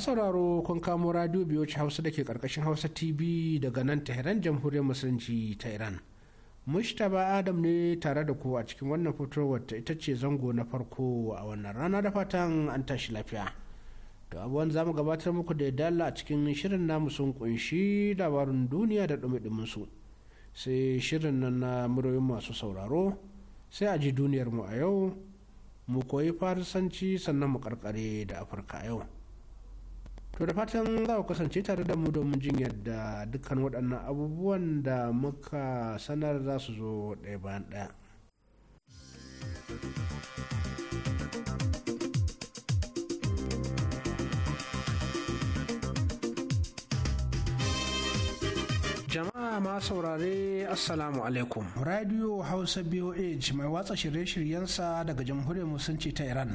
sauraro kun kamo radio biyoci hausa da ke karkashin hausa tv daga nan tehran jamhuriyar musulunci ta iran mushtaba adam ne tare da ku a cikin wannan fitowar ta ita ce zango na farko a wannan rana da fatan an tashi lafiya to abuwan mu gabatar muku da dala a cikin shirin namu sun kunshi labarin duniya da dumi su sai shirin nan na muryoyin masu sauraro sai a ji duniyar mu a yau mu koyi farisanci sannan mu karkare da afirka yau to da fatan za ku kasance tare da mu domin jin yadda dukkan waɗannan abubuwan da muka sanar za su zo ɗaya bayan ɗaya jama'a ma saurare assalamu alaikum radio hausa boh mai watsa shirye-shiryensa daga jamhuriyar musulunci ta iran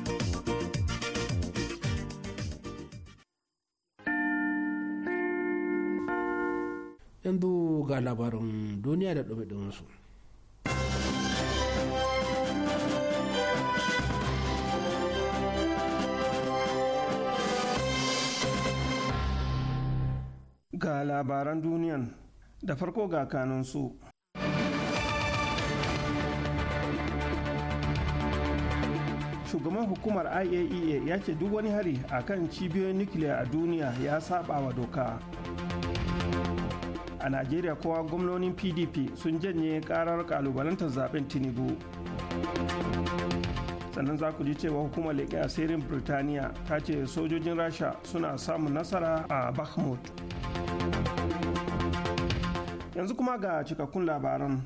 yanzu ga labarin duniya da ɗumi su. ga labaran duniyan da farko ga kanunsu. shugaban hukumar iaea e ya ce duk wani hari akan cibiyoyin nukiliya a duniya ya saba wa doka a najeriya kowa gwamnonin pdp sun janye karar kalubalantar zaben tinubu sannan za ku ji cewa hukumar leƙen asirin birtaniya ta ce sojojin rasha suna samun nasara a bakhmut yanzu kuma ga cikakkun labaran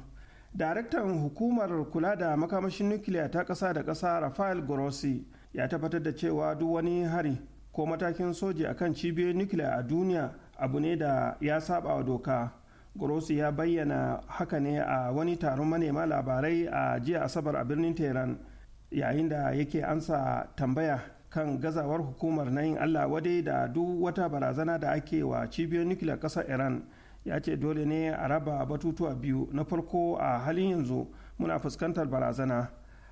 daraktan hukumar kula da makamashin nukiliya ta ƙasa da ƙasa rafael grossi ya tabbatar da cewa duk wani hari ko matakin soji akan cibiyoyin nukiliya a duniya abu ne da ya saba wa doka grossi ya bayyana haka ne a wani taron manema labarai a jiya asabar a birnin tehran yayin da yake ansa tambaya kan gazawar hukumar na yin allah wadai da duk wata barazana da ake wa cibiyar nukiliyar ƙasar iran ya ce dole ne a raba batutuwa biyu na farko a halin yanzu muna fuskantar barazana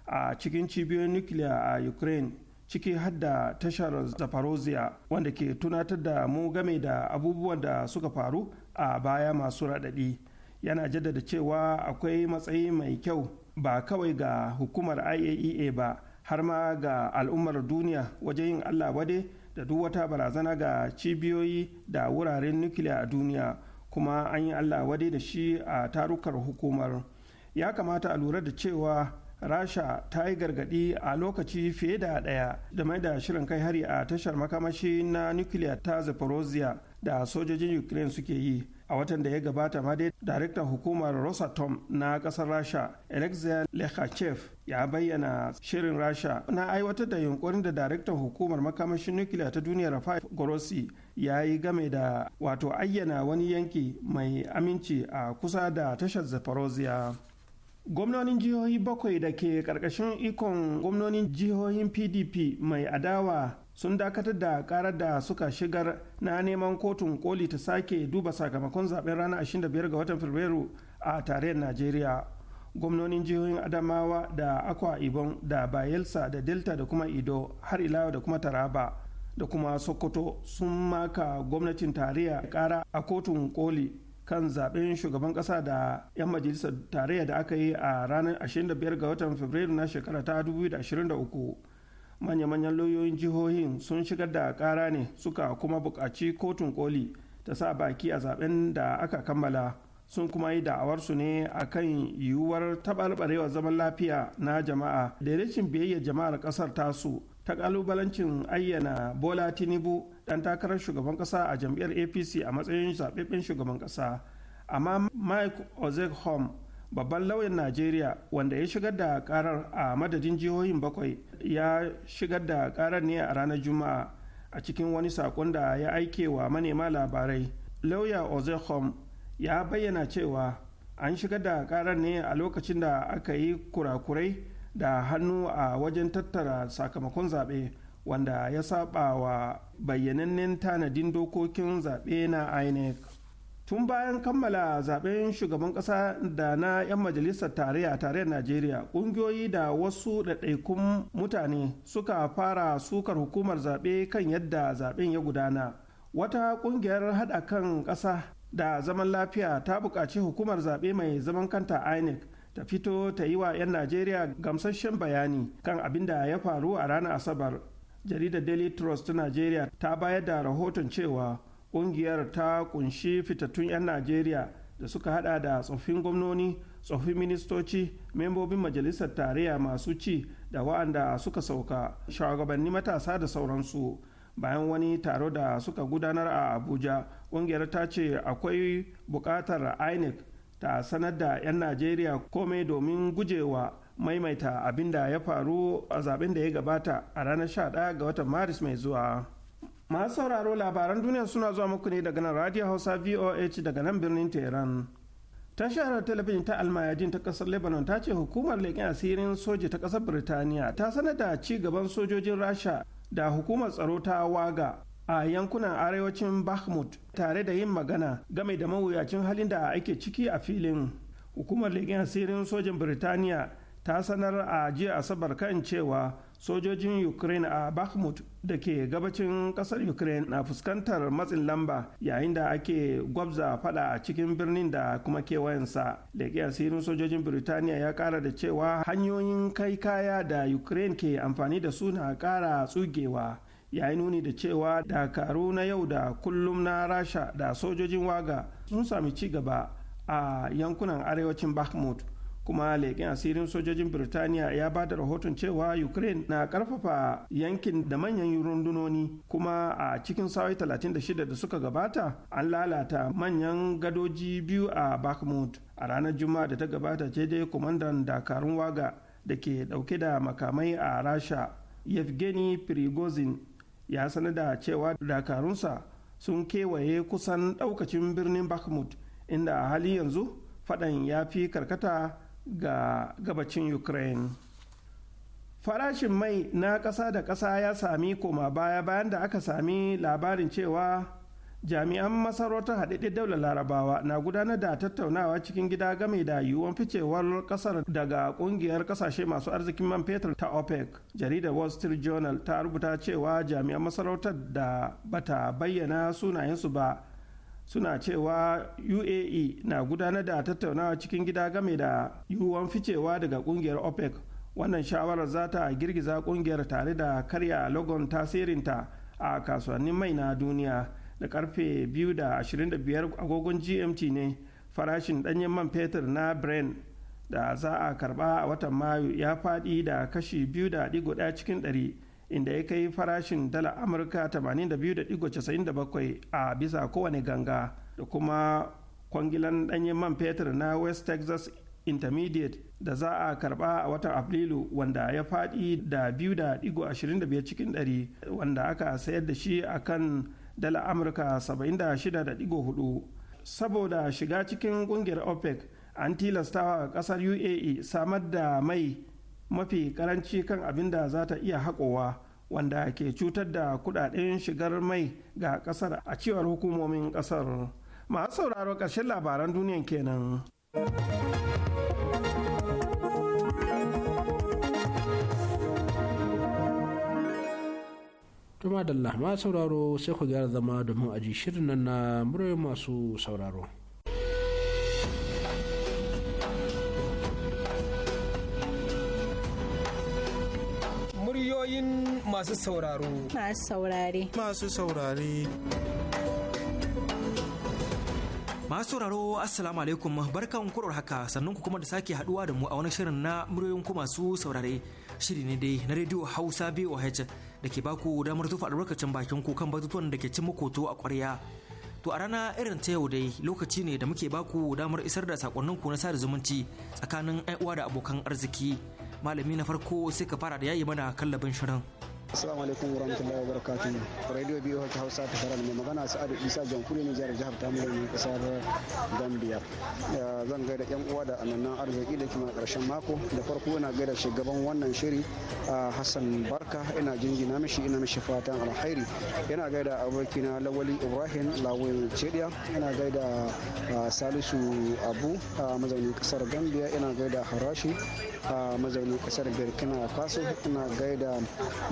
a cikin cibiyoyin nukiliya a ukraine ciki hadda tashar zaporozhia wanda ke tunatar da mu game da abubuwan da suka faru a baya masu raɗaɗi yana jaddada cewa akwai matsayi mai kyau ba kawai ga hukumar iaea e ba har ma ga al'ummar duniya wajen yin allah wade da duk wata barazana ga cibiyoyi da wuraren nukiliya a duniya kuma an yi allah wade da shi a tarukar hukumar ya kamata a lura da cewa rasha ta yi gargadi a lokaci fiye da daya da mai da shirin kai hari a tashar makamashi na nukiliya ta zaporozhia da sojojin ukraine suke yi a watan da ya gabata ma dai daraktan hukumar rosatom na kasar rasha alexei lekhachev ya bayyana shirin rasha na aiwatar da yunkurin da daraktan hukumar makamashin nukiliya ta duniya rafael gorosi ya yi game da wato ayyana wani yanki mai aminci a kusa da tashar zaporozhia gwamnonin jihohi bakwai da ke karkashin ikon gwamnonin jihohin pdp mai adawa sun dakatar da karar da suka shigar na neman kotun koli ta sake duba sakamakon zaben ranar 25 ga watan fabrairu a tarayyar najeriya gwamnonin jihohin adamawa da akwa ibon da bayelsa da delta da kuma ido har ilawa da kuma taraba da kuma sokoto sun maka gwamnatin tarayya kara a kotun koli kan zaben shugaban kasa da 'yan majalisar tarayya da aka yi a ranar 25 ga watan fabrairu na shekara ta 2023 manya-manyan lauyoyin jihohin sun shigar da kara ne suka kuma buƙaci kotun koli ta sa baki a zaben da aka kammala sun kuma yi da'awar su ne a kan yiwuwar taɓarɓarewar zaman lafiya na jama'a da rashin biyayyar jama'ar ƙasar tasu ta ƙalubalancin ayyana bola tinubu dan takarar shugaban kasa a jam'iyyar apc a matsayin zaɓaɓɓen shugaban kasa amma mike ozekhom babban lauyan najeriya wanda ya shigar da karar a madadin jihohin bakwai ya shigar da karar ne a ranar juma'a a cikin wani sakon da ya aike wa manema labarai lauya ozekhom ya bayyana cewa an shigar da karar ne a lokacin da aka yi kurakurai da hannu a wajen tattara sakamakon zaɓe wanda ya saba wa bayyanannen tanadin dokokin zaɓe na inec tun bayan kammala zaɓen shugaban ƙasa da na 'yan majalisar tarayya a tarayyar najeriya ƙungiyoyi da wasu ɗaiɗaikun mutane suka fara sukar hukumar zaɓe kan yadda zaɓen ya gudana wata ƙungiyar haɗa kan ƙasa da zaman lafiya ta buƙaci hukumar zaɓe mai zaman kanta inec ta fito ta yi wa 'yan najeriya gamsasshen bayani kan abin da ya faru a ranar asabar jaridar daily trust ta najeriya ta bayar da rahoton cewa ƙungiyar ta kunshi fitattun 'yan najeriya da suka hada da tsoffin gwamnoni tsoffin ministoci membobin majalisar tarayya masu ci da wa'anda suka sauka shugabanni matasa da sauransu bayan wani taro da suka gudanar a abuja ƙungiyar ta ce akwai buƙatar inec ta sanar da 'yan najeriya komai domin gujewa maimaita abin da ya faru a zaben da ya gabata a ranar 11 ga watan maris mai zuwa masu sauraro labaran duniya suna zuwa muku ne daga nan radio hausa voh daga nan birnin tehran tashar talabijin ta almayadin ta kasar lebanon ta ce hukumar leƙen asirin soja ta kasar birtaniya ta sanar da ci gaban sojojin rasha da hukumar tsaro ta waga a yankunan arewacin bahmut tare da yin magana game da mawuyacin halin da ake ciki a filin hukumar leƙen asirin sojin birtaniya ta sanar a jiya asabar kan cewa sojojin ukraine a bakhmut da ke gabacin kasar ukraine na fuskantar matsin lamba yayin da ake gwabza fada a cikin birnin da kuma kewayensa da asirin sojojin birtaniya ya kara da cewa hanyoyin kai kaya da ukraine ke amfani da su na kara tsugewa ya yi nuni da cewa dakaru na yau da kullum na rasha da sojojin waga sun sami ci gaba a yankunan arewacin bakhmut kuma leƙen asirin sojojin birtaniya ya ba da rahoton cewa ukraine na ƙarfafa yankin da manyan rundunoni kuma a cikin sa'o'i 36 da suka gabata an lalata manyan gadoji biyu a bakhmut a ranar juma'a da ta gabata ce dai kwamandan dakarun waga da ke ɗauke da makamai a rasha yevgeny prigozin ya sanar da cewa dakarunsa sun kewaye kusan ɗaukacin birnin bakhmut inda a hali yanzu faɗan ya fi karkata ga gabacin ukraine farashin mai na ƙasa da ƙasa ya sami koma baya bayan da aka sami labarin cewa jami'an masarautar haɗaɗɗen daular larabawa na gudanar da tattaunawa cikin gida game da yiwuwan ficewar ƙasar daga ƙungiyar ƙasashe masu arzikin man fetur ta opec jaridar wall street journal ta rubuta cewa jami'an masarautar da bata bayyana sunayensu ba suna cewa uae na gudanar da tattaunawa cikin gida game da yiwuwan ficewa daga kungiyar opec wannan shawarar za ta girgiza kungiyar tare da karya logon tasirinta a kasuwannin mai na duniya da karfe 2.25 agogon gmt ne farashin danyen man fetur na brent da za a karba a watan mayu ya faɗi da kashi 2.1 cikin 100 inda ya kai farashin dala amurka 82.97 a bisa kowane ganga da kuma kwangilan danyen man fetur na west texas intermediate da za a karba a watan afrilu wanda ya fadi da 2.25 cikin 100 wanda aka sayar da shi a kan dala amurka 76.4 saboda shiga cikin kungiyar opec an tilastawa kasar uae samar da mai mafi karanci kan abin da za ta iya haƙowa wanda ke cutar da kuɗaɗen shigar mai ga ƙasar a cewar hukumomin ƙasar masu sauraro ƙarshen labaran duniyan kenan tuma da masu sauraro sai ku gyara zama domin aji shirin nan na murai masu sauraro Muryoyin masu sauraro. Masu saurare. Masu saurare. Masu sauraro Assalamu alaikum barkan kurar haka sannan ku kuma da sake haduwa da mu a wani shirin na muryoyin ku masu saurare shiri ne dai na rediyo Hausa BOH da ke baku damar tufa albarkacin bakin ku kan batutuwan da ke cin makoto a kwarya To a rana irin ta yau dai lokaci ne da muke baku damar isar da sakonnin ku na sada zumunci tsakanin uwa da abokan arziki. malami na farko suka fara da yayi mana kallabin shirin Assalamu alaikum warahmatullahi wabarakatuh. Radio biyu ta Hausa ta Faran mai magana Sa'adu Isa Jamhuriyar Nijar jihar ta ne kasar Gambia. Zan gaida yan uwa da anannan arziki da kuma karshen mako da farko ina gaida shugaban wannan shiri Hassan Barka ina jingina mishi ina mishi fatan alkhairi. Ina gaida abokina Lawali Ibrahim Lawal Cediya ina gaida Salisu Abu a mazaunin kasar Gambia ina gaida Harashi a mazaunin kasar Burkina Faso ina gaida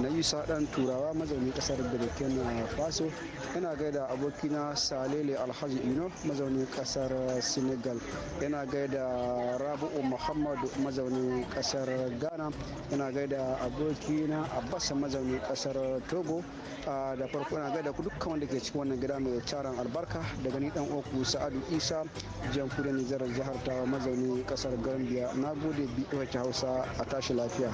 Nayus musa ɗan turawa mazaunin ƙasar burkina faso yana gaida abokina salele alhaji ino mazaunin ƙasar senegal yana gaida rabu'u muhammadu mazaunin ƙasar ghana yana gaida abokina abbas mazaunin ƙasar togo ah, da farko yana gaida dukkan wanda ke cikin wannan gida mai taron albarka daga ni dan uku sa'adu isa kudin nijar jihar ta mazaunin ƙasar gambia na gode biyu hausa a tashi lafiya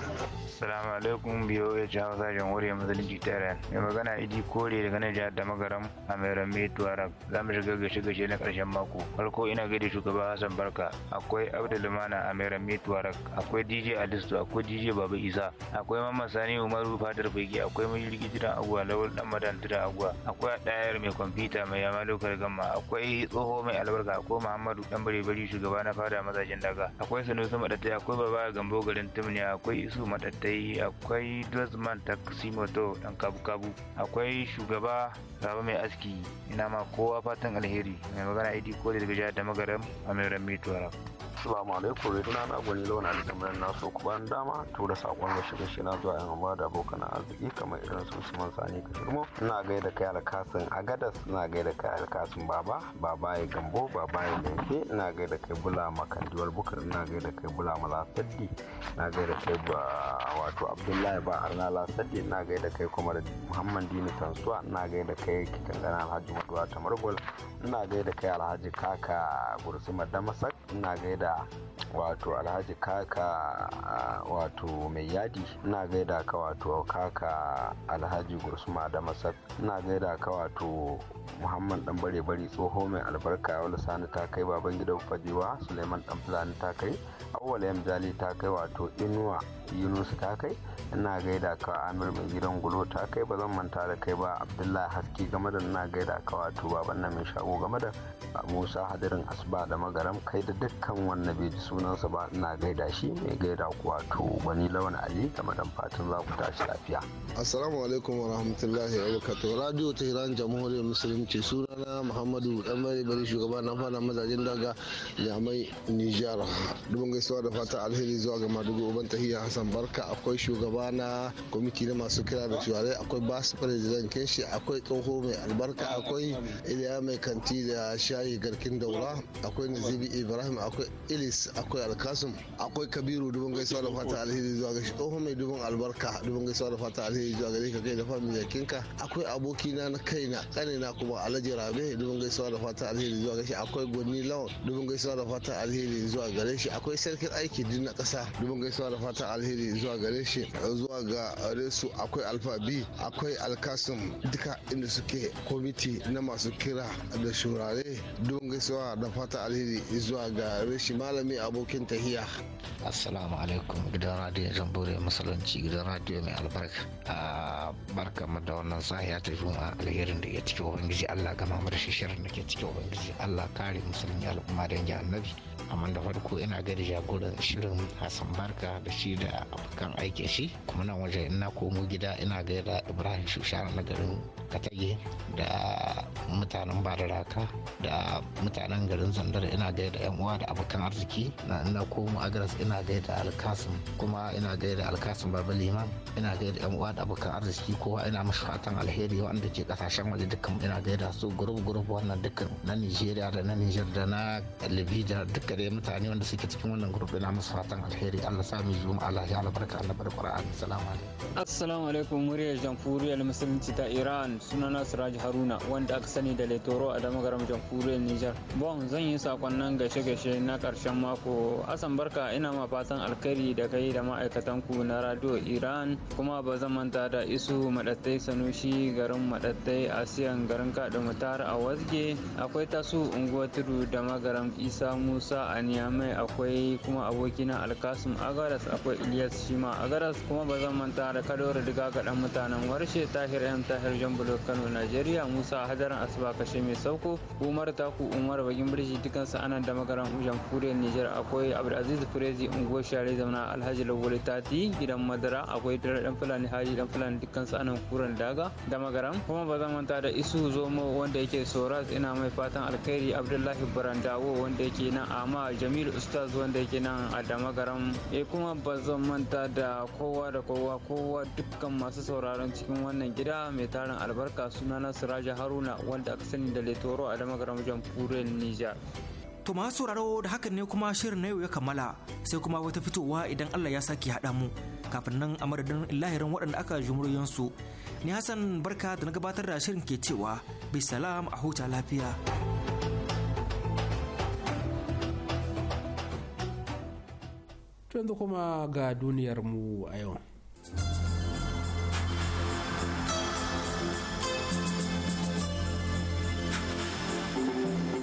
salamu alaikum biyu hausa jamhuriyar musulunci ta iran mai magana idi kore daga nan jihar da a mai rame tuareg za mu shiga gashe gashe na karshen mako farko ina gaida shugaba hassan barka akwai abdulmana a mai rame tuareg akwai dj alistu akwai dj baba isa akwai mamman sani umaru fadar fage akwai mai rigijiran agwa lawal dan madan tuda agwa akwai ɗayar mai kwamfuta mai yama lokar gama. akwai tsoho mai albarka akwai muhammadu dan bare shugaba na fada mazajen daga akwai sanusu madatai akwai baba gambo garin timniya akwai isu madatai akwai dozman tak kasimoto dan kabu-kabu akwai shugaba raba mai aski ina ma kowa fatan alheri mai magana idi ko daga jihar da a mai ran mituwa. Assalamu alaikum suna na gwani launa da kamar nasu ku bayan dama da sakon da shiga shi na zuwa yan ba, da abokan arziki kamar irin su man Sani shirmo. ina gaida kai alkasin Agadas ina da kai alkasin Baba Baba ya Gambo Baba ya Ganke ina da kai Bula Makandiwar Bukar ina da kai Bula saddi ina da kai ba wato Abdullahi ba Arna saddi ina da kai kuma Muhammad Dini Tansuwa ina da kai Kitangana Alhaji Maduwa Tamargol ina da kai Alhaji Kaka Gursuma Damasak ina da. gaida wato alhaji kaka wato mai yadi ina gaida ka wato kaka alhaji gursuma da masak ina gaida ka wato muhammad dan bare bari tsoho mai albarka wani sani ta kai baban gidan fajewa suleiman dan fulani ta kai awwal yamjali ta kai wato inuwa yunus ta kai ina gaida ka amir mai gidan gulo ta kai ba zan manta da kai ba abdullahi Haski game da ina gaida ka wato baban na mai shago game da musa hadirin asba da magaram kai da dukkan wani annabi bai sunansa ba ina gaida shi mai gaida kuwa to wani lawan ali da madan fatan za ku tashi lafiya assalamu alaikum wa rahmatullahi wa barakatuh radio tehran jamhuriyar musulunci sunana muhammadu dan bari bari shugaban na fara mazajin daga jami'ai nijar don gaisuwa da fata alheri zuwa ga madugo uban tahiya hasan barka akwai shugaba na kwamiti na masu kira da shugabai akwai bas president kenshi akwai tsoho mai albarka akwai iliya mai kanti da shayi garkin daura akwai nazibi ibrahim akwai ilis akwai alkasum akwai kabiru dubin gaisuwa da fata alheri zuwa ga shi tsohon mai dubin albarka dubin gaisuwa da fata alheri zuwa gare ka kai da fami yakinka akwai abokina na kaina kanina kuma alhaji rabe dubin gaisuwa da fata alheri zuwa gare shi akwai gwani lawan dubin gaisuwa da fata alheri zuwa gare shi akwai sarkin aiki din na kasa dubin gaisuwa da fata alheri zuwa gare shi zuwa ga resu akwai alfa b akwai alkasum duka inda suke kwamiti na masu kira da shurare dubin gaisuwa da fata alheri zuwa ga reshi malami abokin tahiya assalamu alaikum gidan radiyon Zamburi musulunci gidan radiyo mai albarka a ah, barka da wannan sahiya ta juma alherin da ke cikin ubangiji allah gama mu da shishirin da ke cikin ubangiji allah kare musulmi al'umma da yanke annabi amma da farko ina gari jagoran shirin hassan barka da shi da abokan aiki shi kuma nan wajen ina komo gida ina gaida ibrahim shushara na garin katage da mutanen bararaka da mutanen garin zandar ina gaida yan uwa da abokan arziki na ina komo agras ina gaida alkasim kuma ina gaida alkasim babu liman ina gaida yan uwa da abokan arziki kowa ina mashi fatan alheri wanda ke kasashen waje dukkan ina gaida su gurub gurub wannan dukkan na nigeria da na niger da na libya da duk gare mutane wanda suke cikin wannan gurbi na musu fatan alheri Allah sa mu juma'a ya albarka Allah bar Qur'ani salamu alaikum assalamu alaikum muryar jamhuriyar musulunci ta Iran sunana Siraj Haruna wanda aka sani da Letoro a damagaram jamhuriyar Niger bon zan yi sakon nan gashe gashe na karshen mako asan barka ina ma fatan alkhairi da kai da ma'aikatan ku na radio Iran kuma ba zan manta da isu madattai sanushi garin madattai asiyan garin kada mutar a wasge akwai tasu unguwa tudu da magaram isa musa Musa a Niyamai akwai kuma abokina Alkasim Agaras akwai Ilyas Shima Agaras kuma ba zan manta da Kadoro Diga ga dan mutanen Warshe Tahir M Tahir Jambulo Kano Najeriya Musa Hadaran Asuba Kashe Mai Sauko Umar Taku Umar Bagin Birji dukansu anan da magaran Ujan Kure Nijar akwai Abdulaziz Firezi Ungo Share zauna Alhaji Lawole Tati gidan Madara akwai Dare Dan Fulani Haji Dan Fulani dukansu anan Kuran Daga da magaran kuma ba zan manta da Isu Zomo wanda yake Soraz ina mai fatan alkhairi Abdullahi Barandawo wanda yake nan a ma jamilu ustaz wanda yake nan a damagaram ya eh, kuma ba zan manta da kowa da kowa kowa dukkan masu sauraron cikin wannan gida mai tarin albarka sunana siraja haruna wanda aka sani da letoro a jan jamhuriyar nijar To masu sauraro da hakan ne kuma shirin na yau ya kammala sai kuma wata fitowa idan Allah ya sake haɗa mu kafin nan a madadin lahirin waɗanda aka jumuriyansu. Ni Hassan barka da na gabatar da shirin ke cewa bisalam a huta lafiya. yanzu kuma ga duniyarmu a yau.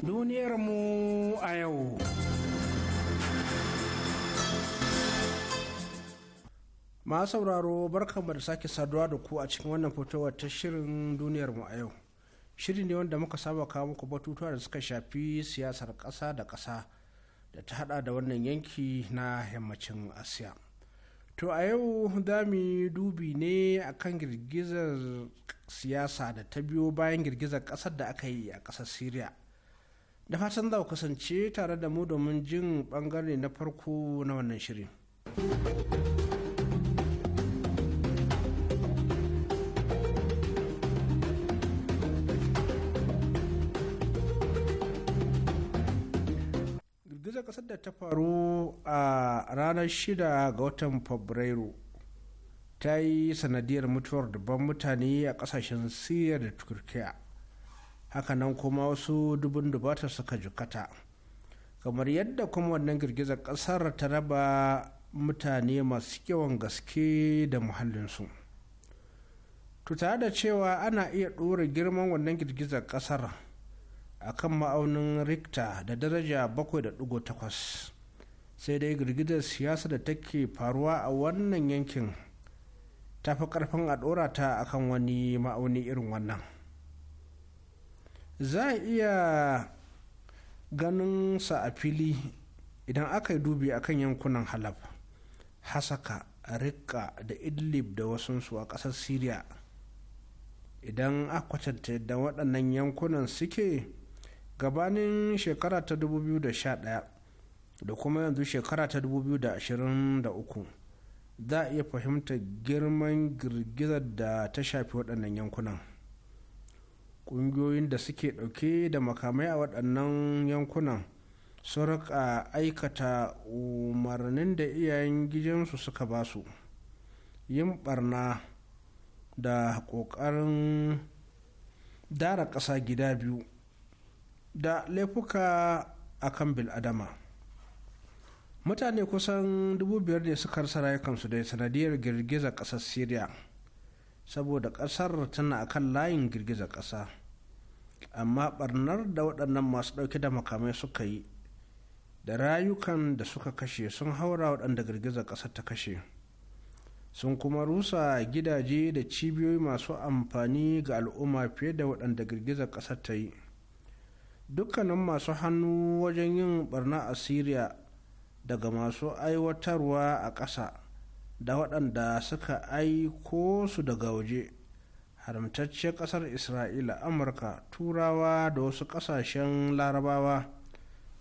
Duniyarmu a yau. Masu sauraro barkanmu da sake saduwa da ku a cikin wannan fitowa ta shirin duniyarmu a yau. Shiri ne wanda muka saba kawo muku batutuwa da suka shafi siyasar ƙasa da ƙasa. da ta hada da wannan yanki na yammacin asiya to a yau za mu dubi ne akan girgizar siyasa da ta biyo bayan girgizar kasar da aka yi a kasar syria da fatan za ku kasance tare da mu domin jin bangare na farko na wannan shirin kasar da ta faru a ranar shida ga watan fabrairu ta yi sanadiyar mutuwar dubban mutane a kasashen siriya da turkiya hakanan kuma wasu dubun dubatar suka jikata kamar yadda kuma wannan girgizar kasar ta raba mutane masu yawan gaske da muhallinsu to tare da cewa ana iya ɗora girman wannan girgizar kasar a kan ma'aunin Richter da daraja 7.8. Sai dai girgizar siyasa da take faruwa a wannan yankin ta fi ƙarfin a ta a kan wani ma'auni irin wannan. Za a iya ganin sa a fili idan aka yi dubi a kan yankunan Halab, Hasaka, Rikka da Idlib da wasunsu a ƙasar Siriya. idan aka kwatanta da waɗannan yankunan suke gabanin shekara ta 2011 da kuma yanzu shekara ta 2023 za a iya fahimtar girman girgizar da ta shafi waɗannan yankunan ƙungiyoyin da suke ɗauke da makamai a waɗannan yankunan sun riƙa aikata umarnin da iyayen gidansu suka ba su yin barna da ƙoƙarin dara ƙasa gida biyu da laifuka a kan bil'adama mutane kusan dubu biyar ne suka rasa rayukansu da sanadiyar girgizar ƙasar syria saboda ƙasar tana kan layin girgizar ƙasa amma barnar da waɗannan masu ɗauke da makamai suka yi da rayukan da suka kashe sun haura waɗanda girgizar ƙasar ta kashe sun kuma rusa gidaje da cibiyoyi masu amfani ga al'umma fiye da waɗanda girgizar ƙasar ta yi dukkanin masu hannu wajen yin barna a syria daga masu aiwatarwa a ƙasa da waɗanda suka aiko su daga waje haramtacce ƙasar isra'ila amurka turawa da wasu ƙasashen larabawa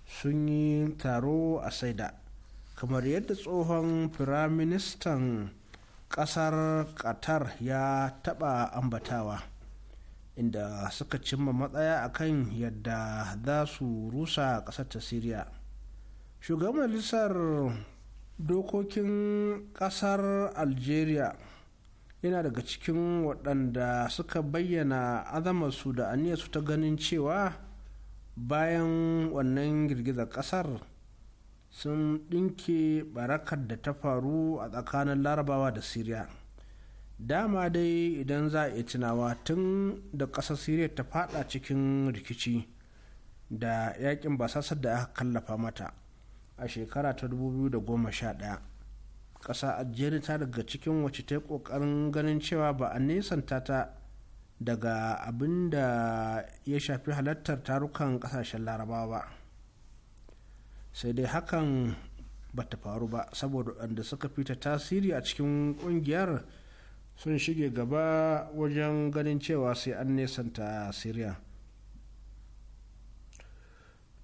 sun yi taro a saida kamar yadda tsohon firaministan ƙasar qatar ya taɓa ambatawa. inda suka cimma matsaya a kan yadda za su rusa ƙasar ta siriya shugaban majalisar dokokin ƙasar algeria yana daga cikin waɗanda suka bayyana azamarsu da aniyarsu ta ganin cewa bayan wannan girgizar ƙasar sun ɗinke barakar da ta faru a tsakanin larabawa da siriya dama dai idan za a tunawa tun da ƙasar siriya ta fada cikin rikici da yakin basasar da aka kallafa mata a shekara ta 2011 ƙasa algeria ta daga cikin wace ta yi ƙoƙarin ganin cewa ba a nesanta ta daga abin da ya shafi halartar tarukan ƙasashen larabawa ba sai dai hakan ba ta faru ba saboda waɗanda suka fita tasiri a cikin ƙungiyar sun shige gaba wajen ganin cewa sai an nesanta syria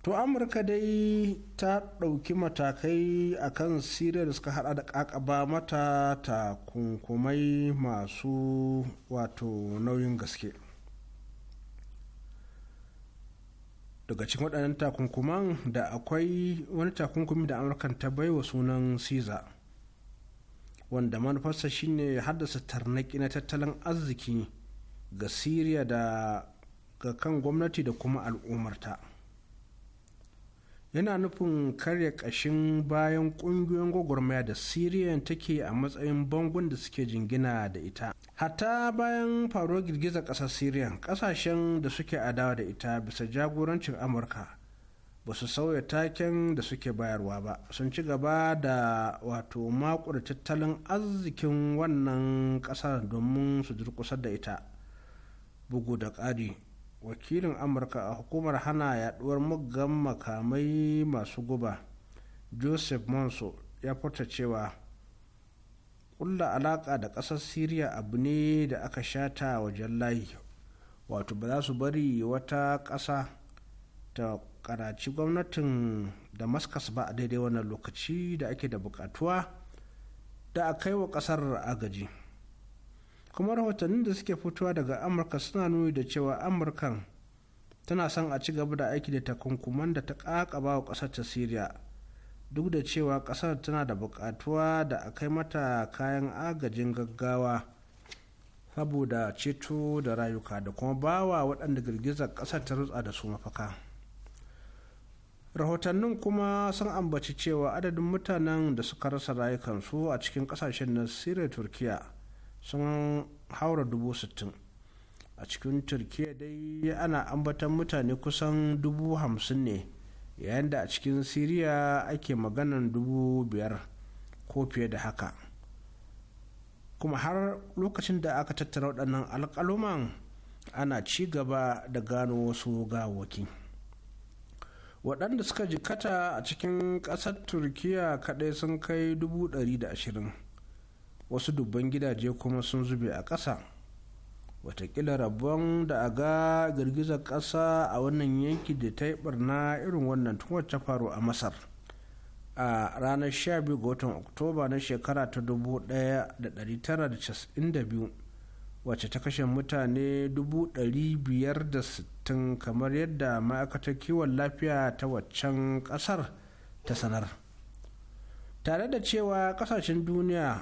to amurka dai ta ɗauki matakai a kan siriya da suka hada da ƙaƙaba mata takunkumai masu wato nauyin gaske daga cikin waɗannan takunkuman da akwai wani takunkumi da amurkan ta baiwa sunan caesar wanda manufarsa shine haddasa tarnaki na tattalin arziki ga siriya da ga kan gwamnati da kuma al'ummarta yana nufin karya ƙashin bayan ƙungiyoyin gwagwarmaya da siriya take a matsayin bangon da suke jingina da ita hatta bayan faruwar girgizar ƙasar siriya ƙasashen da suke adawa da ita bisa jagorancin amurka ba su sauya taken da suke bayarwa ba sun ci gaba da wato makur tattalin arzikin wannan kasar domin su durkusa da ita bugu da ƙari wakilin amurka a hukumar hana yaduwar muggan makamai masu guba joseph monso ya furta cewa kulla alaka da ƙasar syria abu ne da aka shata wajen layi wato ba za su bari wata ƙasa ta karaci gwamnatin damascus ba a daidai wannan lokaci da ake da bukatuwa da a kai wa kasar agaji kuma rahotannin da suke fitowa daga amurka suna nuni da cewa amurkan tana son a ci gaba da aiki da takunkuman da ta kakaba wa kasar ta syria duk da cewa kasar tana da bukatuwa da a kai mata kayan agajin gaggawa saboda ceto da rayuka da kuma bawa waɗanda girgizar ƙasar ta rutsa da su mafaka. rahotannin kuma sun ambaci cewa adadin mutanen da suka rasa rayukansu a cikin kasashen na siriya turkiya sun haura dubu sittin a cikin turkiya dai ana ambatan mutane kusan dubu hamsin ne yayin da a cikin siriya ake maganan dubu biyar ko fiye da haka kuma har lokacin da aka tattara waɗannan alƙaluman ana ci gaba da gano wasu gawaki. waɗanda suka jikata a cikin ƙasar turkiya kaɗai sun kai 120 wasu dubban gidaje kuma sun zube a ƙasa watakila rabon da a ga girgizar ƙasa a wannan yanki da ta yi barna irin wannan tun wacce faru a masar a ranar 12 ga watan oktoba na shekara ta 1992 wacce ta kashe mutane tun kamar yadda ma'aikatar kiwon lafiya ta waccan kasar ta sanar tare da cewa kasashen duniya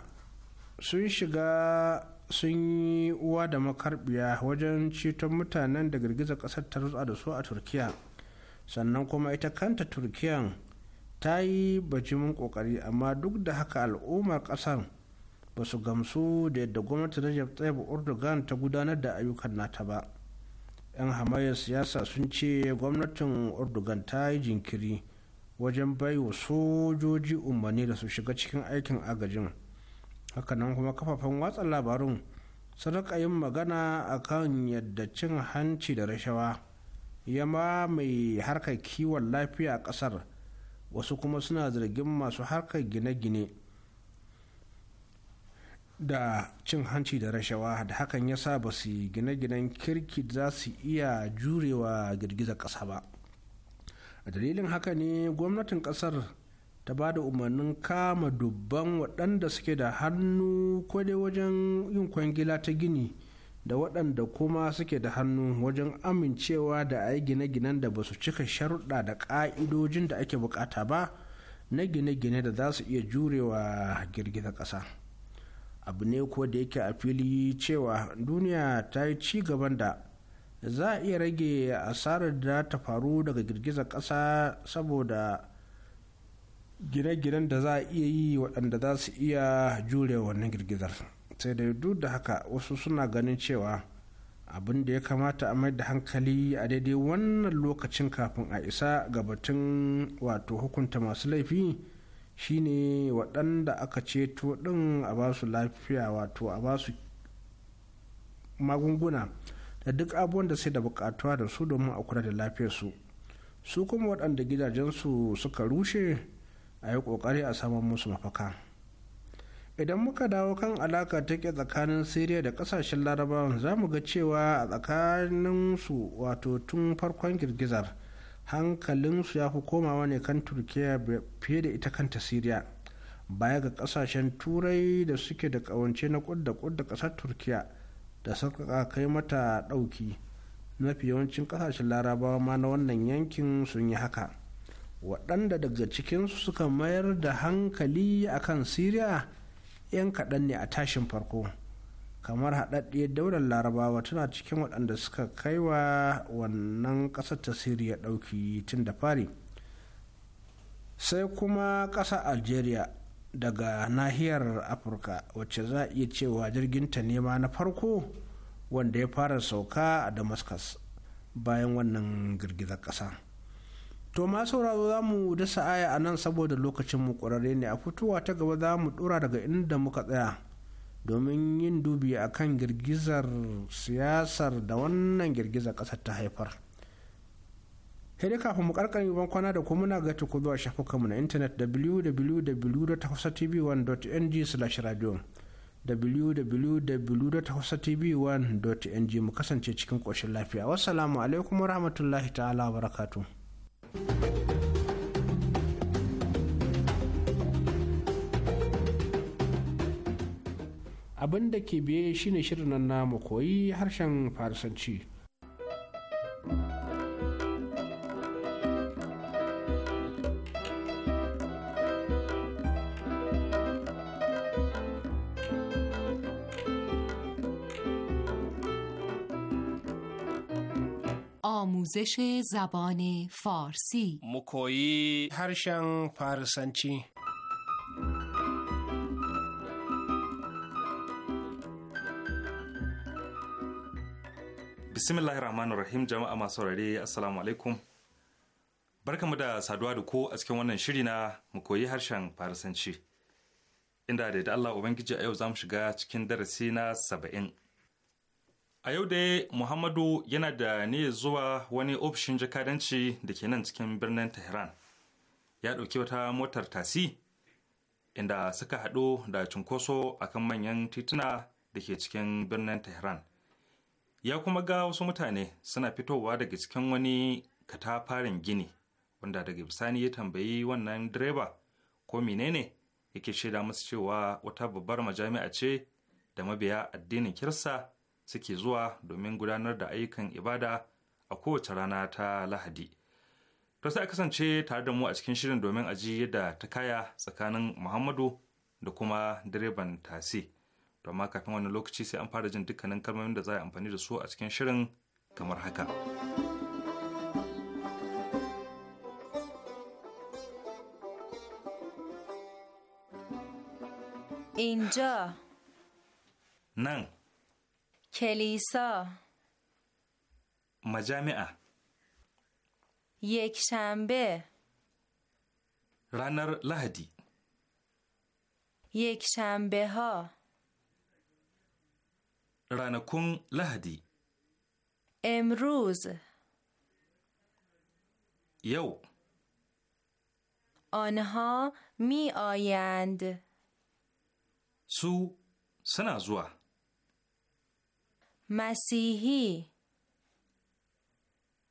sun shiga sun yi uwa da makarbiya wajen ceton mutanen da girgizar kasar ta rutsa da su a turkiya sannan kuma ita kanta turkiyan ta yi bajimin kokari amma duk da haka al'ummar kasar ba su gamsu da yadda gwamnatin Rajab tsaye Erdogan ta gudanar da ayyukan nata ba. 'yan hamayar siyasa sun ce gwamnatin urdugan ta yi jinkiri wajen bai wa sojoji umarni da su shiga cikin aikin agajin hakanan kuma kafafen watsa labarun sadaka yin magana a kan yadda cin hanci da rashawa ya ma mai harkar kiwon lafiya a kasar wasu kuma suna zargin masu harkar gine-gine da cin hanci da rashawa da hakan ya sa ba su gine-ginen kirki za su iya jurewa girgizar ƙasa ba a dalilin haka ne gwamnatin ƙasar ta ba da umarnin kama dubban waɗanda suke da hannu ko wajen yin kwangila ta gini da waɗanda kuma suke da hannu wajen amincewa da yi gine-ginen da ba su cika sharuɗa da ƙa'idojin da ake bukata ba na gine-gine da za su iya jurewa girgizar ƙasa. abu ne ko da yake a fili cewa duniya ta yi ci gaban da za a iya rage asarar da ta faru daga girgizar ƙasa saboda gine-ginen da za a iya yi waɗanda za su iya jure wannan girgizar sai dai duk da haka wasu suna ganin cewa abin da ya kamata a mai da hankali a daidai wannan lokacin kafin a isa ga wato hukunta masu laifi shine waɗanda aka ceto ɗin a ba su lafiya wato a ba su magunguna da duk abubuwan da sai da buƙatuwa da su domin a kula da lafiyarsu su kuma waɗanda gidajensu suka rushe a yi ƙoƙari a saman musu mafaka idan muka dawo kan alaka take tsakanin siriya da ƙasashen larabawan za mu ga cewa a tsakaninsu wato tun farkon girgizar hankalinsu ya fi komawa ne kan turkiya fiye da ita kanta siriya baya ga kasashen turai da suke da kawance na kudda kudda kasar turkiya da suka kai mata dauki mafi yawancin kasashen larabawa ma na wannan yankin sun yi haka waɗanda daga cikinsu suka mayar da hankali akan siriya 'yan kaɗan ne a tashin farko kamar haɗaɗɗiyar daular larabawa tana cikin waɗanda suka kaiwa wa wannan ƙasar ta siriya ɗauki tun da fari sai kuma ƙasar algeria daga nahiyar afirka wacce za a iya cewa jirgin ta nema na farko wanda ya fara sauka a damascus bayan wannan girgizar ƙasa to ma sauraro za mu dasa aya a nan saboda lokacin mu ƙwararre ne a fitowa ta gaba za mu ɗora daga inda muka tsaya domin yin dubi a kan girgizar siyasar da wannan girgizar ƙasar ta haifar dai kafin mu karkar ban kwana da kuma na gata ku zuwa shafukanmu na intanet www.hausatv1.ng/radio www.hausatv1.ng mu kasance cikin ƙoshin lafiya wasu alaikum rahmatullahi ta'ala barakatu. abin da ke biye shine shirin nan na mu koyi harshen farisanci آموزش زبان فارسی مکویی هرشن فارسنچی Bismillahir Rahmanir Rahim jama'a masu saurare Assalamu alaikum. Barkamu da saduwa da ko a cikin wannan shiri na mu koyi harshen Farisanci. Inda da da Allah Ubangiji a yau za mu shiga cikin darasi na saba'in. A yau dai Muhammadu yana da niyyar zuwa wani ofishin jakadanci da ke nan cikin birnin Tehran. Ya ɗauki wata motar tasi inda suka haɗu da cunkoso akan manyan tituna da ke cikin birnin Tehran. ya kuma ga wasu mutane suna fitowa daga cikin wani katafaren gini wanda daga bisani ya tambayi wannan direba ko menene yake shaida musu cewa wata babbar majami'a ce da mabiya addinin kirsa suke zuwa domin gudanar da ayyukan ibada a kowace rana ta lahadi to sai kasance tare da mu a cikin shirin domin aji yadda ta kaya tsakanin muhammadu da kuma direban tasi to amma kafin wani lokaci sai an fara jin dukkanin kalmomin da za a amfani da su a cikin shirin kamar haka. اینجا nan. kelisa majami'a. یک شنبه رانر لهدی یک ranakun lahadi. ambrose. yau. on ho me su suna zuwa. masihi.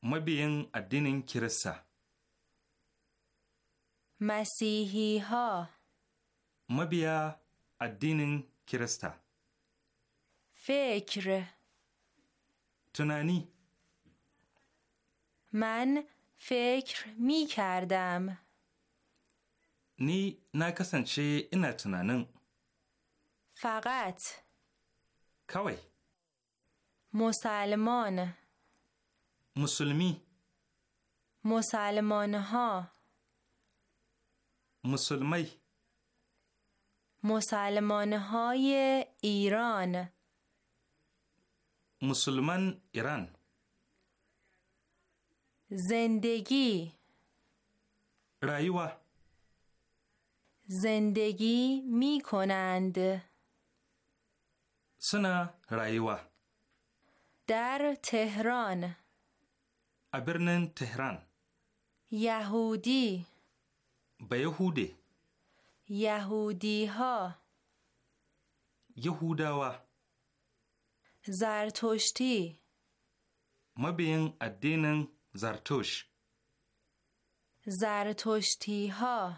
mabiyan addinin kirista. masihiho. mabiya addinin kirista. فکر تنانی من فکر می کردم نی چه اینا تنانن فقط کوی مسلمان مسلمی مسلمان ها مسلمی مسلمان های ایران مسلمان ایران زندگی رایوا زندگی می کنند سنا رایوا در تهران ابرنن تهران یهودی به یهودی یهودی ها یهوداوا Zartoshti. Mabiyin addinin Zartosh. Zartoshti ha.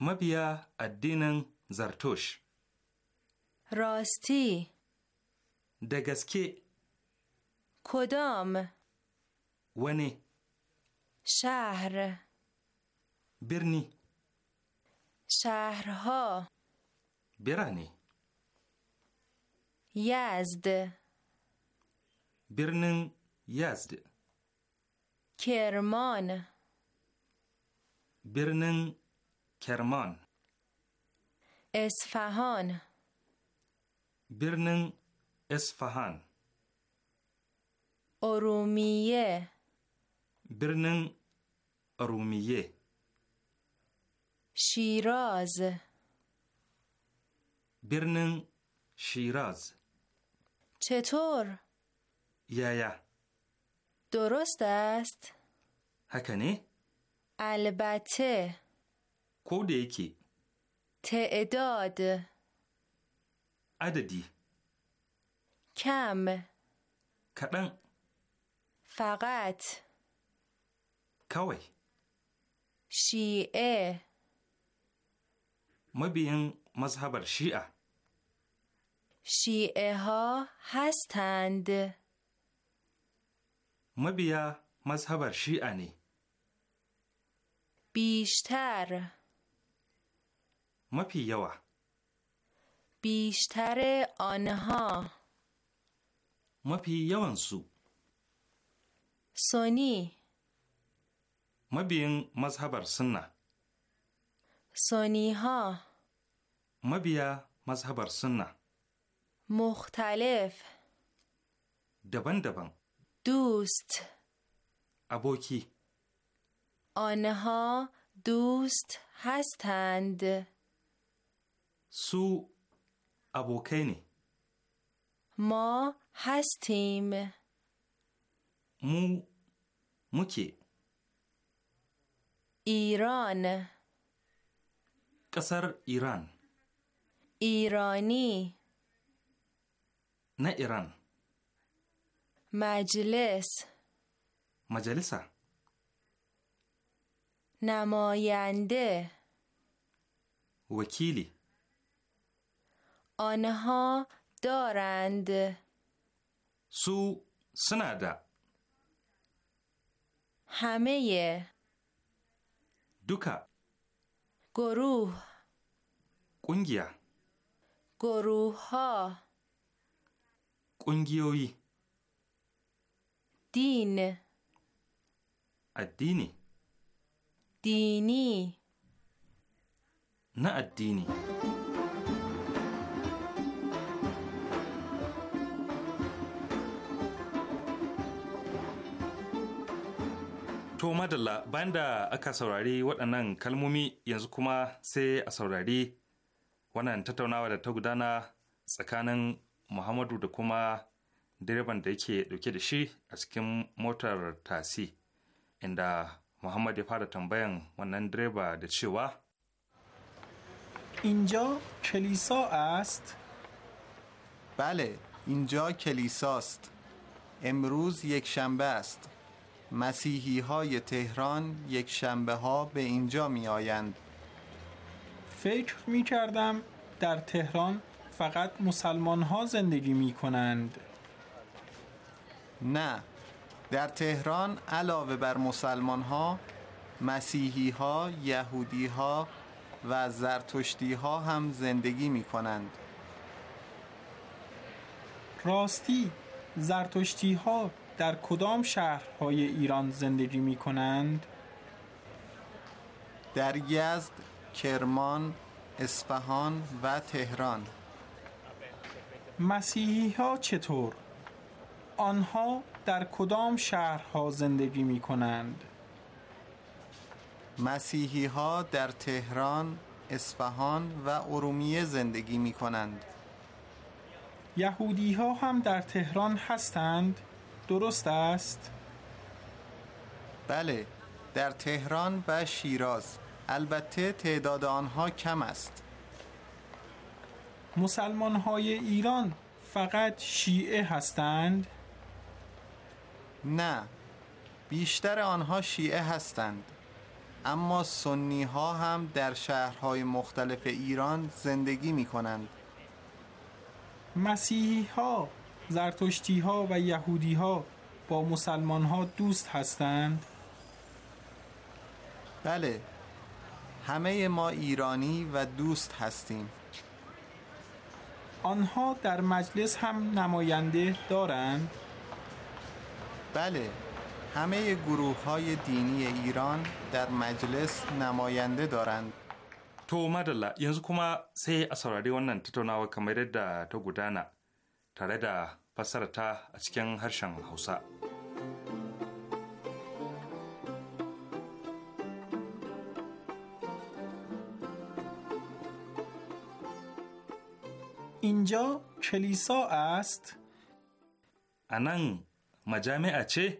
Mabiya addinin Zartosh. Rosti. Da gaske. Kodam. Wani. Shahr. Birni. Shahr ha. Birane. یزد برنن یزد کرمان برنن کرمان اسفهان برنن اسفهان ارومیه برنن ارومیه شیراز برنن شیراز چطور؟ یا یا درست است؟ هکنی؟ البته کوده یکی تعداد عددی کم کدن فقط کوی شیعه مبین مذهب شیعه شیعه ها هستند مبیا مذهب شیعه بیشتر مفی یوا بیشتر آنها ما یوان سو سونی مبین مذهب سنه سونی ها مبیا مذهب سنه مختلف دبن دبن دوست ابوکی آنها دوست هستند سو ابوکینی ما هستیم مو مکی ایران قصر ایران ایرانی نه ایران مجلس مجلسه نماینده وکیلی آنها دارند سو سنادا همه دوکا گروه گروه ها ƙungiyoyi din addini dini na addini To madalla bayan da aka saurari waɗannan kalmomi yanzu kuma sai a saurari wannan tattaunawa da ta gudana tsakanin muhammadu da kuma direban da yake dauke da shi a cikin motar tasi inda muhammad ya fara tambayan wannan direba da cewa اینجا کلیسا است؟ بله اینجا کلیساست امروز یک شنبه است مسیحی های تهران یک شنبه ها به اینجا می آیند فکر می کردم در تهران فقط مسلمان ها زندگی می کنند نه در تهران علاوه بر مسلمان ها مسیحی ها یهودی ها و زرتشتی ها هم زندگی می کنند راستی زرتشتی ها در کدام شهرهای ایران زندگی می کنند؟ در یزد، کرمان، اصفهان و تهران مسیحی ها چطور؟ آنها در کدام شهرها زندگی می کنند؟ مسیحی ها در تهران، اصفهان و ارومیه زندگی می کنند. یهودی ها هم در تهران هستند؟ درست است؟ بله، در تهران و شیراز. البته تعداد آنها کم است. مسلمان های ایران فقط شیعه هستند؟ نه بیشتر آنها شیعه هستند اما سنی ها هم در شهرهای مختلف ایران زندگی می کنند مسیحی ها زرتشتی ها و یهودی ها با مسلمان ها دوست هستند؟ بله همه ما ایرانی و دوست هستیم آنها در مجلس هم نماینده دارند؟ بله همه گروه های دینی ایران در مجلس نماینده دارند To madala yanzu kuma sai a saurari wannan tattaunawa kamar yadda ta gudana tare da fassarata a cikin harshen Hausa. اینجا کلیسا است؟ انان مجامع چه؟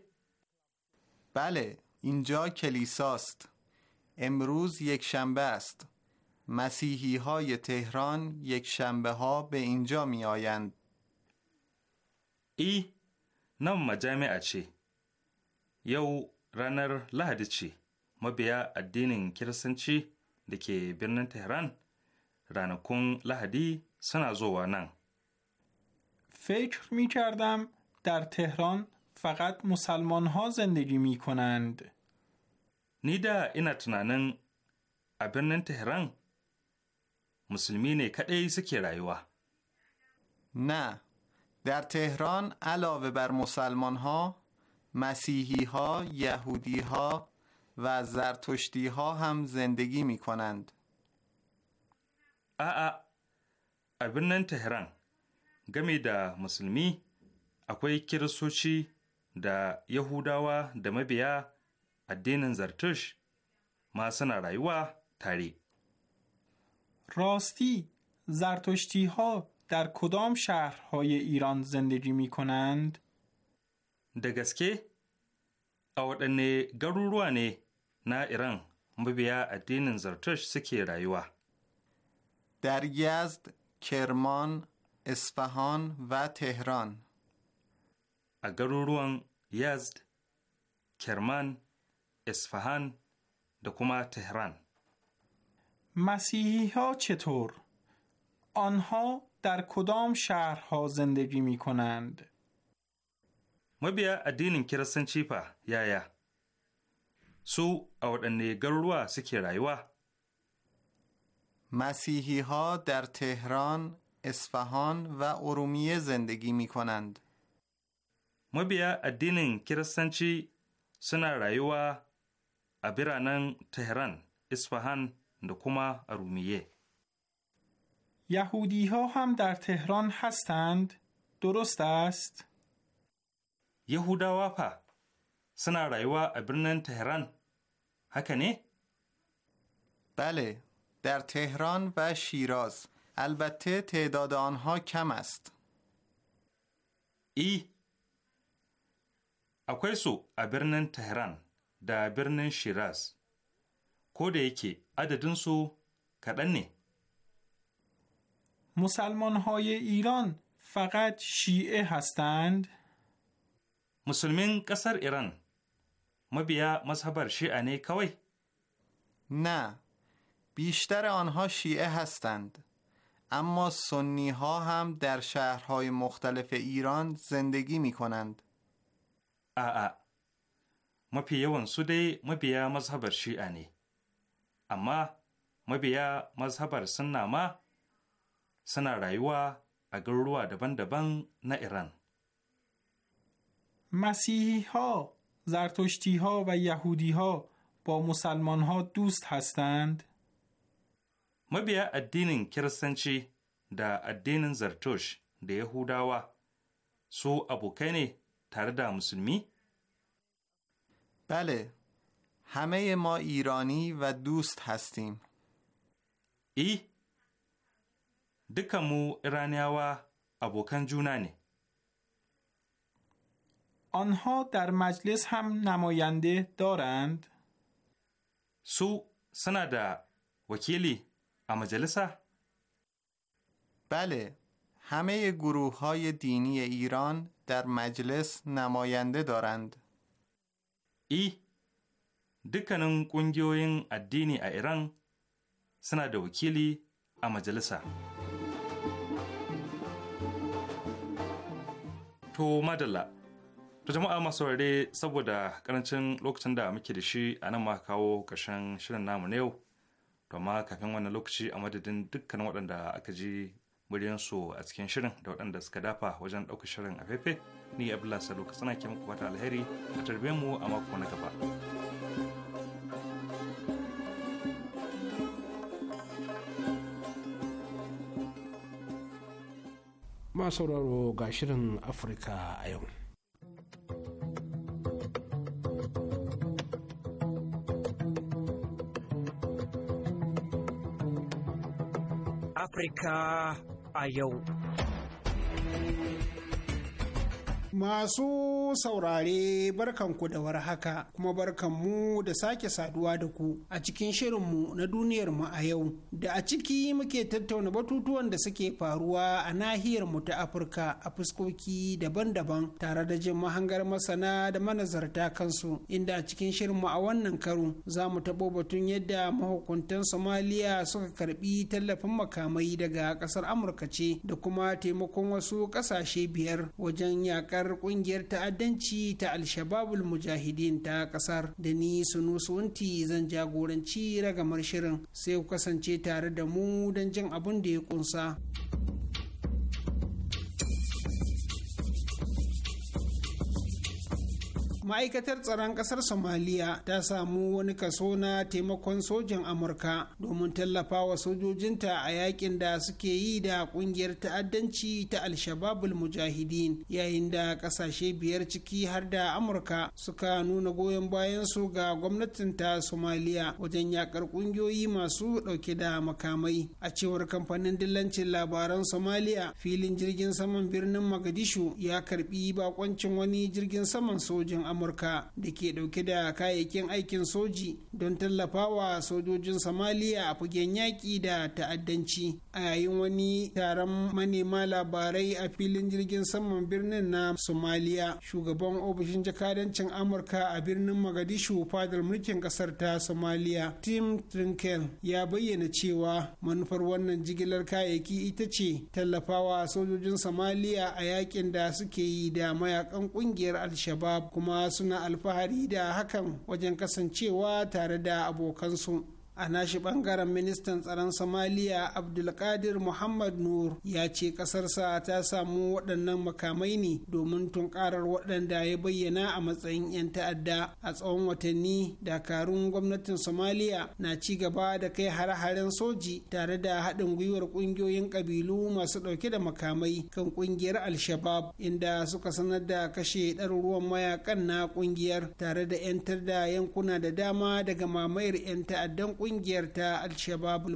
بله اینجا کلیساست امروز یک شنبه است مسیحی های تهران یک شنبه ها به اینجا می آیند ای نم مجامع چه؟ یو رانر لحد چی؟ ما بیا ادینین چی دکی برنن تهران رانکون لحدی سنا فکر می کردم در تهران فقط مسلمان ها زندگی می کنند نیده این اینا تنانن تهران مسلمین نه نه در تهران علاوه بر مسلمان ها مسیحی ها یهودی ها و زرتشتی ها هم زندگی می کنند. a birnin Tehran game da musulmi akwai kirisoci da Yahudawa da mabiya addinin Zartush masu na rayuwa tare. Rosti, Zartushti ha dar kudam shahar Iran zindegi mi konand? Da gaske, a waɗanne garuruwa ne na Iran mabiya addinin Zartush suke rayuwa. Dar yazd کرمان، اسفهان و تهران اگر روان یزد، کرمان، اسفهان، دکومه تهران مسیحی ها چطور؟ آنها در کدام شهرها زندگی می کنند؟ ما بیا ادین چیپا یا سو او دنی گروه سکی رایوه مسیحی ها در تهران، اصفهان و ارومیه زندگی می کنند. مبیا ادینین کریستانچی سنا رایوا ا تهران، اصفهان و ارومیه. یهودی ها هم در تهران هستند درست است؟ یهودا واپا سنا رایوا ابرنن تهران هکنه؟ بله در تهران و شیراز البته تعداد آنها کم است ای akwai سو، a تهران، Tehran شیراز. شیراز Shiraz, ko da سو adadinsu مسلمان های ایران فقط شیعه هستند؟ مسلمین قصر ایران مبیا مذهبر شیعه نه کوی؟ نه بیشتر آنها شیعه هستند اما سنی ها هم در شهرهای مختلف ایران زندگی می کنند آآ مپی سودی، ما بیا مذهب شیعه نی اما مبیا مذهب سنه ما سنا رایوا روا دبن دبن نه ایران مسیحی ها زرتشتی ها و یهودی ها با مسلمان ها دوست هستند؟ mabiya addinin kiristanci da addinin zartosh da yahudawa su abokai ne tare da musulmi بله همه ما ایرانی و دوست هستیم ای دکمو ایرانیاوا ابوکن جونانی آنها در مجلس هم نماینده دارند سو سندا وکیلی a majalisa bale hame guruhaye dini iran dar majlis namayande darand i dukkanin kungiyoyin addini a iran suna da wakili a majalisa to madalla to jama'a masu saboda karancin lokacin da muke da shi a nan ma kawo kashin shirin namu ne yau to kafin wannan lokaci a madadin dukkan waɗanda aka ji su a cikin shirin da waɗanda suka dafa wajen ɗaukar shirin a fefe ni abdullahi salo ka tsana muku fata alheri a tarbe mu a mako na gaba ma sauraro ga shirin afirka a yau Afirka a yau. Masu saurare barkanku da haka kuma barkanmu da sake saduwa da ku a cikin shirinmu na duniyar mu a yau da a ciki muke tattauna batutuwan da suke faruwa a nahiyar mu ta Afirka a fuskoki daban-daban tare da jin mahangar masana da manazarta kansu inda a cikin shirin mu a wannan karo za mu taɓo batun yadda mahukuntan Somaliya suka karbi tallafin makamai daga ƙasar Amurka ce da kuma taimakon wasu ƙasashe biyar wajen yaƙar yakar kungiyar ta'addanci ta alshababul mujahidin ta kasar da ni sunusunti zan jagoranci ragamar shirin sai ku kasance tare da mu don jin abin da ya kunsa. ma'aikatar tsaron ƙasar somaliya ta samu wani kaso na taimakon sojin amurka domin tallafa wa sojojinta a yakin da suke yi da kungiyar ta'addanci ta alshababul mujahidin yayin da ƙasashe biyar ciki har da amurka suka nuna goyon bayan su ga gwamnatin ta somaliya wajen yakar kungiyoyi masu ɗauke da makamai a cewar kamfanin dillancin labaran somaliya filin jirgin saman birnin magadishu ya karbi bakoncin wani jirgin saman sojin amurka amurka da ke dauke da kayayyakin aikin soji don tallafawa sojojin somaliya a fagen yaƙi da ta'addanci a yayin wani taron manema labarai a filin jirgin saman birnin na somaliya shugaban ofishin jakadancin amurka a birnin magadishu fadar mulkin kasar ta somaliya tim trinkel ya bayyana cewa manufar wannan jigilar kayayyaki ita ce tallafawa sojojin somaliya a yakin da suke yi da mayakan kungiyar al-shabab kuma suna alfahari da hakan wajen kasancewa tare da abokansu a nashi bangaren ministan tsaron somaliya abdulkadir muhammad nur ya ce kasarsa ta samu waɗannan makamai ne domin tunkarar waɗanda ya bayyana a matsayin 'yan ta'adda a tsawon watanni dakarun gwamnatin somaliya na ci gaba da kai hare-haren soji tare da haɗin gwiwar ƙungiyoyin ƙabilu masu ɗauke da makamai kan ƙungiyar al-shabab inda suka sanar da kashe ɗaruruwan mayakan na ƙungiyar tare da 'yantar da yankuna da dama daga mamayar 'yan ta'addan ƙungiyar kungiyar ta al-shabab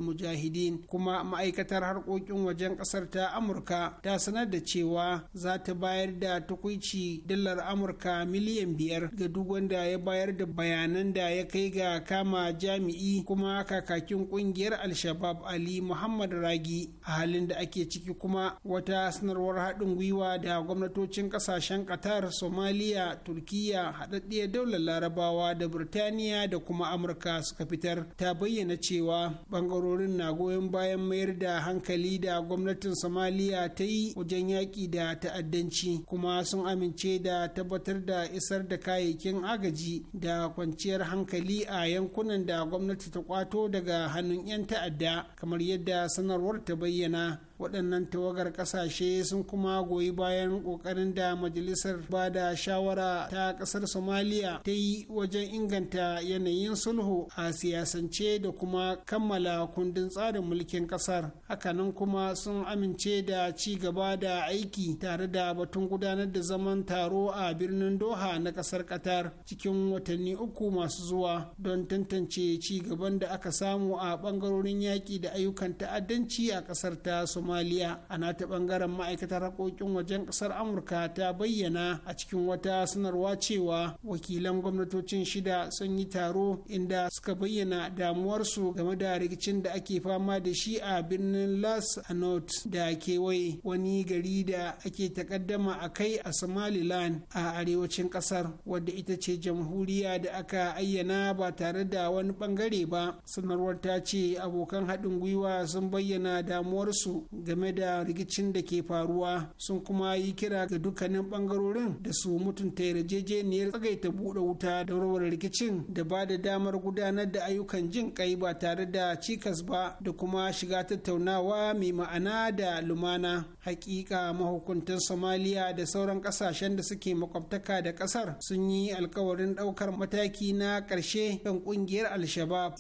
kuma ma'aikatar harkokin wajen kasar ta amurka ta sanar da cewa za ta bayar da tukuici dalar amurka miliyan biyar ga duk wanda ya bayar da bayanan da ya kai ga kama jami'i kuma kakakin kungiyar alshabab shabab ali muhammad ragi a halin da ake ciki kuma wata sanarwar haɗin gwiwa da gwamnatocin ƙasashen qatar somaliya turkiya haɗaɗɗiyar daular larabawa da birtaniya da kuma amurka suka fitar ta ya bayyana cewa bangarorin na goyon bayan mayar da hankali da gwamnatin somaliya ta yi wajen yaƙi da ta'addanci kuma sun amince da tabbatar da isar da kayayyakin agaji da kwanciyar hankali a yankunan da gwamnati ta kwato daga hannun 'yan ta'adda kamar yadda sanarwar ta bayyana waɗannan tawagar ƙasashe sun kuma goyi bayan ƙoƙarin da majalisar ba da shawara ta ƙasar somaliya ta yi wajen inganta yanayin sulhu a siyasance da kuma kammala kundin tsarin mulkin ƙasar hakanan kuma sun amince da ci gaba da aiki tare da batun gudanar da zaman taro a birnin doha na ƙasar qatar cikin watanni uku masu zuwa don tantance ci gaban da aka samu a ɓangarorin yaƙi da ayyukan ta'addanci a ƙasar ta somaliya somaliya ana ta bangaren ma'aikatar harkokin wajen kasar amurka ta bayyana a cikin wata sanarwa cewa wakilan gwamnatocin shida sun yi taro inda suka bayyana damuwarsu game da rikicin da ake fama da shi a birnin las anot da kewaye wani gari da ake takaddama a kai a somaliland a arewacin kasar wadda ita ce jamhuriya da aka ayyana ba tare da wani bangare ba sanarwar ta ce abokan haɗin gwiwa sun bayyana damuwarsu game da rikicin da ke faruwa sun kuma yi kira ga dukkanin bangarorin da su mutunta yarjejeniyar tsagaita bude wuta da warware rikicin da ba da damar gudanar da ayyukan jin kai ba tare da cikas ba da kuma shiga tattaunawa mai ma'ana da lumana hakika mahukuntan somaliya da sauran kasashen da suke makwabtaka da kasar sun yi alkawarin ɗaukar mataki na ƙarshe kan ƙungiyar al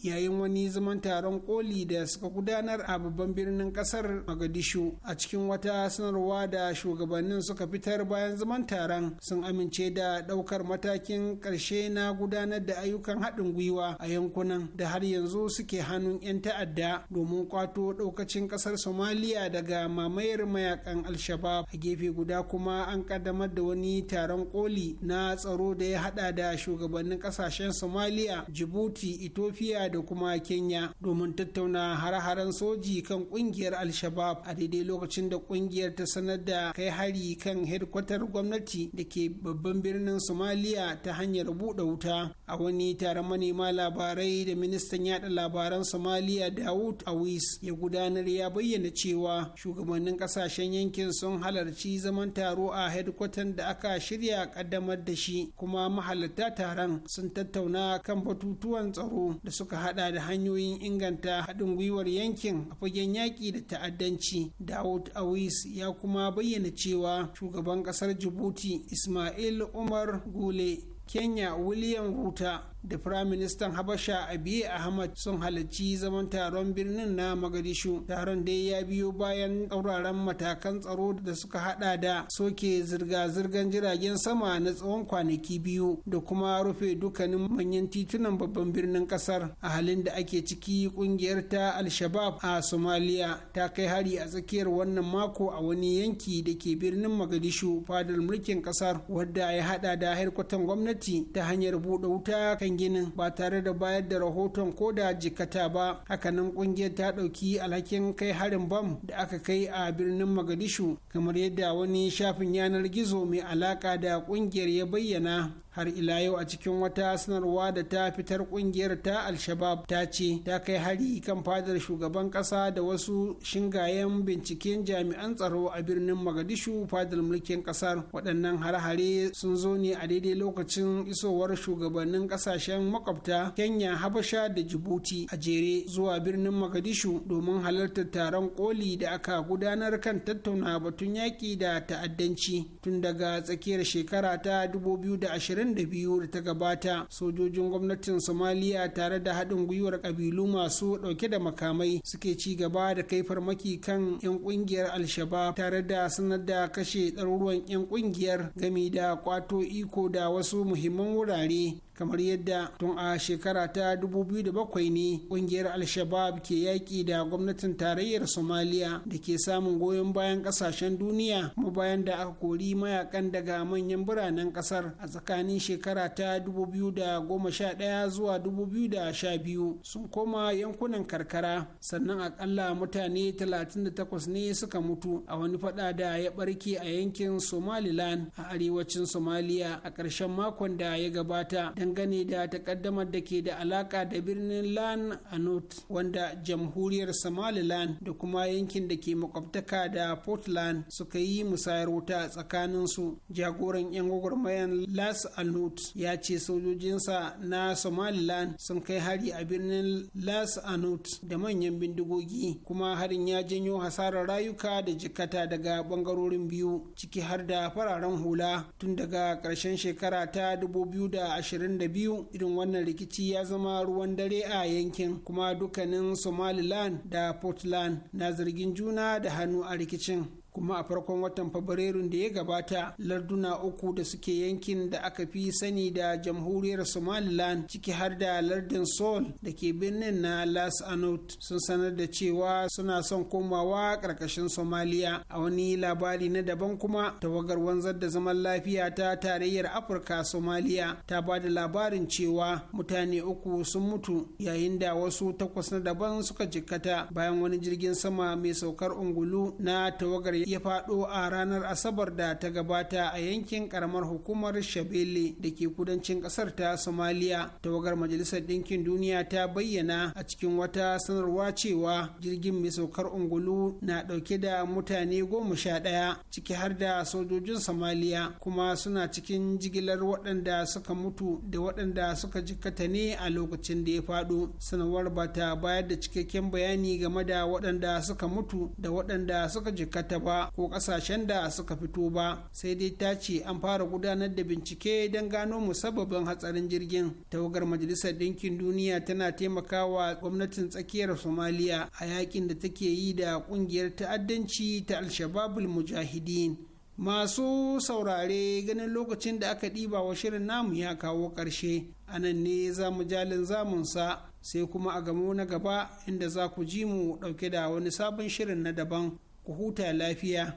yayin wani zaman taron koli da suka gudanar a babban birnin kasar mogadishu a cikin wata sanarwa da shugabannin suka fitar bayan zaman taron sun amince da ɗaukar matakin ƙarshe na gudanar da ayyukan haɗin gwiwa a yankunan da har yanzu suke hannun 'yan ta'adda domin kwato ɗaukacin ƙasar somaliya daga mamayar mayakan alshabab a gefe guda kuma an ƙaddamar da wani taron koli na tsaro da ya haɗa da shugabannin ƙasashen somaliya jibuti ethiopia da kuma kenya domin tattauna hare-haren soji kan ƙungiyar alshabab al a daidai lokacin da kungiyar ta sanar da kai hari kan hedkwatar gwamnati da ke babban birnin somaliya ta hanyar buɗe wuta a wani taron manema labarai da ministan yada labaran somaliya dawud awis ya gudanar ya bayyana cewa shugabannin kasashen yankin sun halarci zaman taro a hedkwatan da aka shirya kaddamar da shi kuma mahalarta taron sun tattauna kan batutuwan tsaro da suka hada da hanyoyin inganta haɗin gwiwar yankin a fagen yaƙi da ta'addanci adalci Dawud Awis ya kuma bayyana cewa shugaban kasar Djibouti Ismail Umar Gule Kenya William Ruta da firaministan habasha abiy ahmad sun halarci zaman taron birnin na magadishu taron dai ya biyo bayan tsauraran matakan tsaro da suka hada da soke zirga-zirgar jiragen sama na tsawon kwanaki biyu da kuma rufe dukkanin manyan titunan babban birnin kasar a halin da ake ciki kungiyar ta al-shabab a somalia ta kai hari a tsakiyar wannan mako a wani yanki da ke birnin magadishu fadar mulkin kasar wadda ya hada da gwamnati ta hanyar buɗe wuta kan ginin ba tare da bayar da rahoton ko da jikata ba hakanan kungiyar ta dauki alhakin kai harin bam da aka kai a birnin magadishu kamar yadda wani shafin yanar gizo mai alaka da kungiyar ya bayyana har ila yau a cikin wata sanarwa da ta fitar kungiyar ta al-shabab ta ce ta kai hari kan fadar shugaban kasa da wasu shingayen binciken jami'an tsaro a birnin magadishu fadar mulkin kasar waɗannan har-hare sun zo ne a daidai lokacin isowar shugabannin kasashen makwabta kenya habasha da jibuti a jere zuwa birnin magadishu domin halartar taron koli da aka gudanar kan tattauna batun yaƙi da ta'addanci tun daga tsakiyar shekara ta da ashirin. 22 da ta gabata sojojin gwamnatin somaliya tare da haɗin gwiwar ƙabilu masu ɗauke da makamai suke ci gaba da kai farmaki kan 'yan ƙungiyar al tare da sanar da kashe ɗaruruwan 'yan ƙungiyar gami da kwato iko da wasu muhimman wurare kamar yadda tun a shekara ta 2007 ne kungiyar al-shabab ke yaƙi da gwamnatin tarayyar somaliya da ke samun goyon bayan ƙasashen duniya kuma bayan da aka kori mayakan daga manyan biranen ƙasar a tsakanin shekara ta 2011 zuwa 2012 sun koma yankunan karkara sannan akalla mutane 38 ne suka mutu a wani fada da ya barke a yankin somaliland a arewacin somaliya a ƙarshen makon da ya gabata dangane da takaddamar da ke da alaka da birnin lan north wanda jamhuriyar somaliland da kuma yankin da ke makwabtaka da portland suka yi musayar wuta tsakanin su jagoran yan gwagwarmayan las anut ya ce sojojinsa na somaliland sun kai hari a birnin las anut da manyan bindigogi kuma harin ya janyo hasarar rayuka da jikata daga bangarorin biyu ciki har da fararen hula tun daga ƙarshen shekara ta 2020 biyu irin wannan rikici ya zama ruwan dare a yankin kuma dukkanin somaliland da portland na zargin juna da hannu a rikicin kuma a farkon watan fabrairun da ya gabata larduna uku da suke yankin da aka fi sani da jamhuriyar somaliland ciki har da lardin sol da ke birnin na las anot sun sanar da cewa suna son komawa karkashin somaliya a wani labari na daban kuma tawagar wanzar da zaman lafiya ta tarayyar afirka somaliya ta ba da labarin cewa mutane uku sun mutu yayin da wasu takwas na daban suka jikkata bayan wani jirgin sama mai saukar ungulu na tawagar ya faɗo a ranar asabar da ta gabata a yankin karamar hukumar shabele da ke kudancin ƙasar ta somaliya tawagar majalisar ɗinkin duniya ta bayyana a cikin wata sanarwa cewa jirgin mai saukar ungulu na ɗauke da mutane goma sha ɗaya ciki har da sojojin somaliya kuma suna cikin jigilar waɗanda suka mutu da waɗanda suka jikkata ne a lokacin da ya faɗo sanarwar ba ta bayar da cikakken bayani game da waɗanda suka mutu da waɗanda suka jikkata ba ba ko kasashen da suka fito ba sai dai ta ce an fara gudanar da bincike don gano musabbabin hatsarin jirgin tawagar majalisar ɗinkin duniya tana taimakawa gwamnatin tsakiyar somaliya a yakin da take yi da kungiyar ta'addanci ta al mujahidin mujahideen masu saurare ganin lokacin da aka ɗiba wa shirin namu ya kawo ƙarshe a nan ne za mu jalin zamunsa sai kuma a gamo na gaba inda za ku ji mu ɗauke da wani sabon shirin na daban ku huta lafiya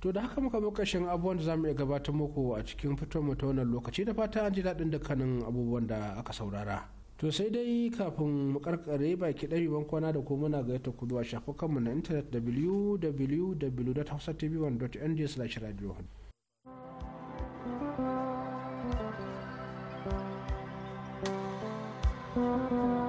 to da haka muka zo ƙarshen abubuwan da za mu iya gabatar muku a cikin fitar mu ta wannan lokaci da fata an ji daɗin dukkanin abubuwan da aka saurara to sai dai kafin mu karkare baki ɗari ban kwana da ko muna gayyata ku zuwa shafukanmu na intanet www.hausatv1.ng/radio Thank you.